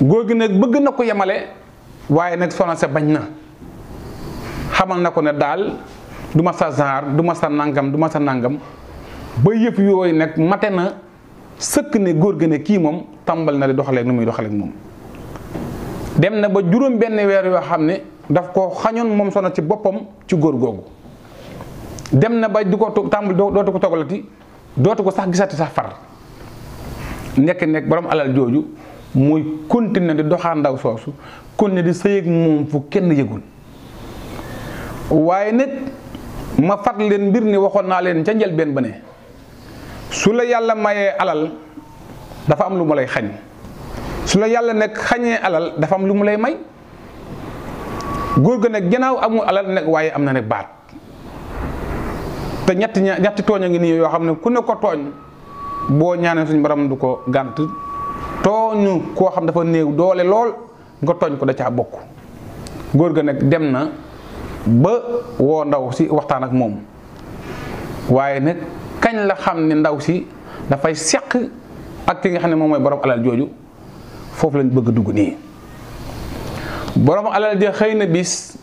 góor gi nag bëgg na ko yemale waaye nag soxna sa bañ na xamal na ko ne daal du ma sa genre du ma sa nangam du ma sa nangam ba yëpp yooyu nag mate na sëkk ne góor gi ne kii moom tàmbal na di doxaleeg nu muy doxaleeg moom. dem na ba juróom benn weer yoo xam ne daf ko xañoon moom soxna ci boppam ci góor googu dem na ba du ko tàmbal dootu ko toggalati dootu ko sax gisati sax far nekk nekk borom alal jooju. muy continuer di doxaan ndaw soosu continuer di sëyeeg moom fu kenn yëgul waaye nag ma fat leen mbir ni waxoon naa leen ca njalbeen ba ne su la yàlla mayee alal dafa am lu mu lay xañ su la yàlla nag xañee alal dafa lu mu lay may góor ga nag gannaaw amul alal nag waaye am na nag baat te ñetti ña ñetti tooñ a ngi nii yoo xam ne ku ne ko tooñ boo ñaanee suñ borom du ko gànt tooñu koo xam dafa néew doole lool nga tooñ ko da caa bokk góor gi nag dem na ba woo ndaw si waxtaan ak moom waaye nag kañ la xam ne ndaw si dafay seq ak ki nga xam ne moom mooy borom alal jooju foofu lañ bëgg a dugg nii borom alal ja xëy na bis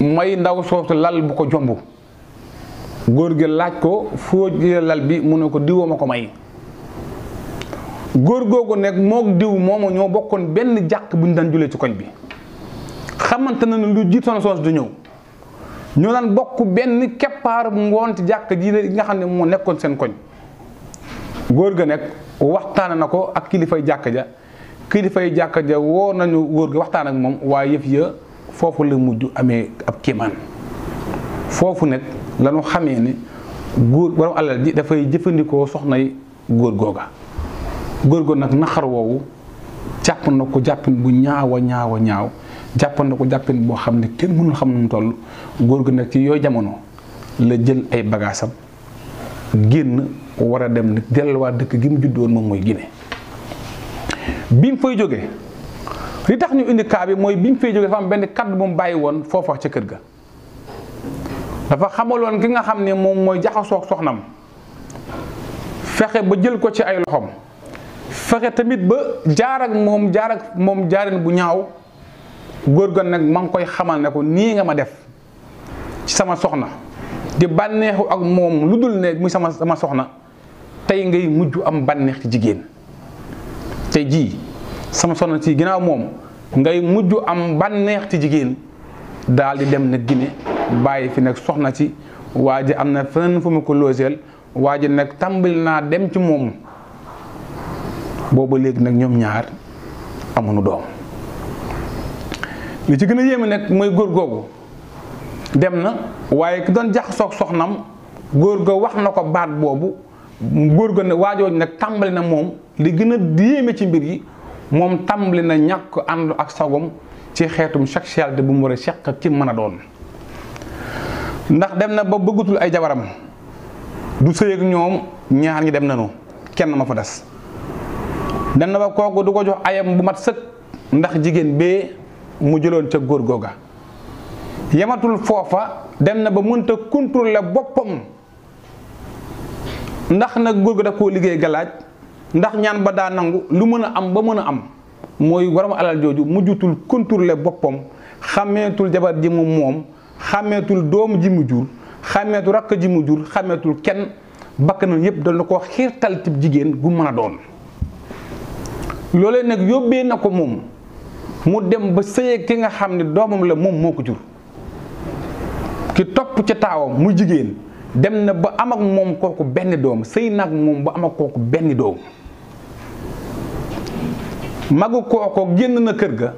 may ndaw soosu lal bu ko jomb góor gi laaj ko foo jëlee lal bi mu ne ko diwoo ma ko may góor googu nekk moog diw moom ñoo bokkoon benn jàkk bu ñu daan julee ci koñ bi xamante na ne lu jiitoon soos du ñëw ñoo daan bokk benn keppaar ngoon ci jàkk ji la nga xam ne moo nekkoon seen koñ góor ga nekk waxtaan na ko ak kilifay jàkk ja kilifay jàkk nañu góor ga waxtaan ak moom waaye yëf yë foofu la mujj amee ab kéemaan foofu nag lañu xamee ni góor borom alal dafay jëfandikoo soxnay góor googa góor go nag naxar woowu jàpp na ko jàppin bu ñaaw a ñaaw ñaaw jàpp na ko jàppin boo xam ne kenn mënul xam nu mu toll góor go nag ci yooyu jamono la jël ay bagaasam génn war a dem nag delluwaat dëkk gi mu juddoon moom mooy Guinée bi mu fay jógee li tax ñu indi kaa bi mooy bi mu fay jógee dafa am benn kàddu bàyyi woon foofa ca kër ga dafa xamaloon ki nga xam ne moom mooy jaxasoo soxnam fexe ba jël ko ci ay loxoom fexe tamit ba jaar ak moom jaar moom jaarin bu ñaaw góor gon nag ma ngi koy xamal ne ko nii nga ma def ci sama soxna di bànneexu ak moom lu dul nekk muy sama sama soxna tey ngay mujj am bànneex ci jigéen te jii sama soxna si ginnaaw moom ngay mujj am bànneex ci jigéen daal di dem nag Guinée bàyyi fi nag soxna si waa ji am na feneen fu mu ko looseel waa ji nag tàmbali naa dem ci moom booba léegi nag ñoom ñaar amuñu doom li ci gën a yéeme nag mooy góor googu dem na waaye ki doon jaxasoog soxnam góor ga wax na ko baat boobu góor ga ne waajooj nag tàmbali na moom li gën a yéeme ci mbir yi moom tàmbali na ñàkk ànd ak sagom ci xeetum sexualité bu mu war a seq ci mën a doon ndax dem na ba bëggatul ay jabaram du sëy ñoom ñaar ñi dem nañu kenn ma fa des dem na ba kooku du ko jox ayam bu mat sëkk ndax jigéen bee mu jëloon ca góor googa yamatul foofa dem na ba mënta contrôler boppam ndax nag góor ga daf koo liggéey galaaj ndax ñaan ba daa nangu lu mën a am ba mën a am mooy waram alal jooju mujjutul contrôler boppam xàmmeetul jabar ji mu moom xàmmeetul doomu ji mu jur xàmmeetul rakk ji mu jur xàmmeetul kenn bakkanam yépp dal na ko xiirtal ci jigéen gu mën a doon loolee nag yóbbee na ko moom mu dem ba sëyee ki nga xam ne doomam la moom moo ko jur ki topp ca taawam mu jigéen dem na ba am ak moom kooku benn doom sëy nag moom ba am kooku benn doom magu kooko génn na kër ga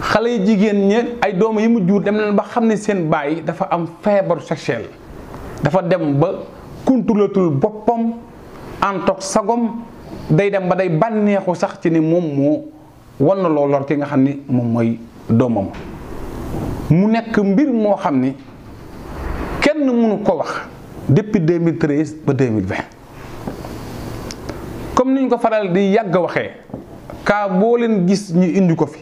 xale yi jigéen ñi ay doom yi mu jur dem nañ ba xam ne seen baay dafa am feebaru sexuel dafa dem ba kuntulatul boppam antoog sagom day dem ba day bànneexu sax ci ne moom moo wan na loo lor ki nga xam ne moom mooy doomam mu nekk mbir moo xam ni kenn mënu ko wax depuis 2013 ba 2020 comme niñ ko faral di yàgg waxee kaa boo leen gis ñu indi ko fi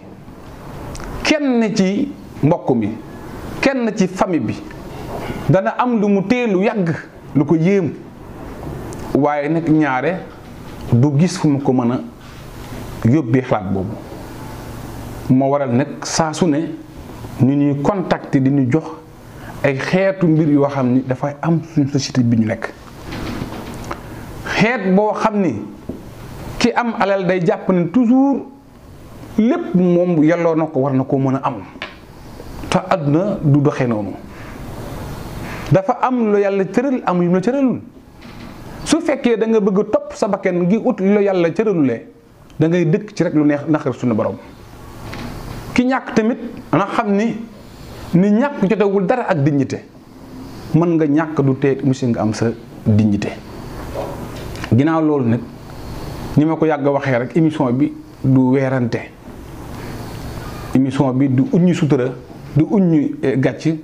kenn ci mbokk mi kenn ci famille bi dana am lu mu téye lu yàgg lu ko yéem waaye nag ñaare du gis fu mu ko mën a yóbbee xalaat boobu moo waral nag saa su ne ñu ñuy contacter di ñu jox ay xeetu mbir yoo xam ni dafay am suñu société bi ñu nekk xeet boo xam ni ki am alal day jàpp ne toujours lépp moom yàlloo na ko war na ko mën a am te àdduna du doxe noonu dafa am lu yàlla cëral am yu mu la cëralul su fekkee da nga bëgg topp sa bakken ngi ut lu yàlla cëralulee da ngay dëkk ci rek lu neex naqar suñu borom ki ñàkk tamit na xam ni ni ñàkk jotewul dara ak dignité mën nga ñàkk du tee musi nga am sa dignité ginnaaw loolu nag ni ma ko yàgg waxee rek émission bi du weerante émission bi du uññu sutura du uññu eh, gàcc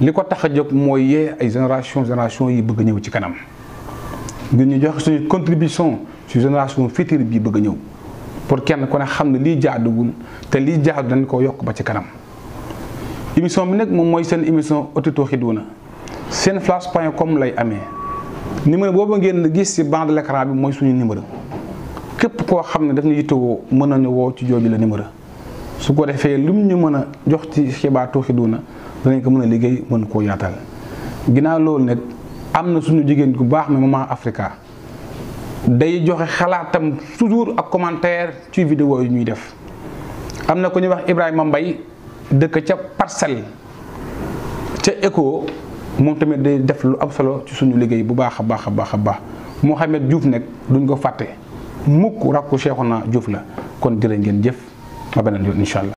li ko tax a jóg mooy yee ay génération génération yi bëgg ñëw ci kanam ngir ñu jox suñu contribution ci génération future bi bëgg a ñëw pour kenn ku ne xam ne lii jaaduwul te lii jaadu dañu koo yokk ba ci kanam émission bi nag moom mooy seen émission Ottitooxiduna seen flash point comme lay amee numéro boobu ngeen gis ci bande de bi mooy suñu numéro képp koo xam ne daf ñu yittewoo mën na woo ci jooju la numéro su ko defee mu ñu mën a jox ci xibaar Tooxiduna danañ ko mën a liggéey mën koo yaatal ginnaaw am na suñu jigéen bu baax mi Maman Africa day joxe xalaatam toujours ak commentaire ci video yu ñuy def am na ku ñuy wax Ibrahima mbay dëkk ca parcelle ca ECHO moom tamit day def lu am solo ci suñu liggéey bu baax a baax a baax a baax Mouhamed Diouf nag duñ ko fàtte mukk rakku Cheikhouna Diouf la kon jërë ngeen jëf ba beneen yoon incha allah.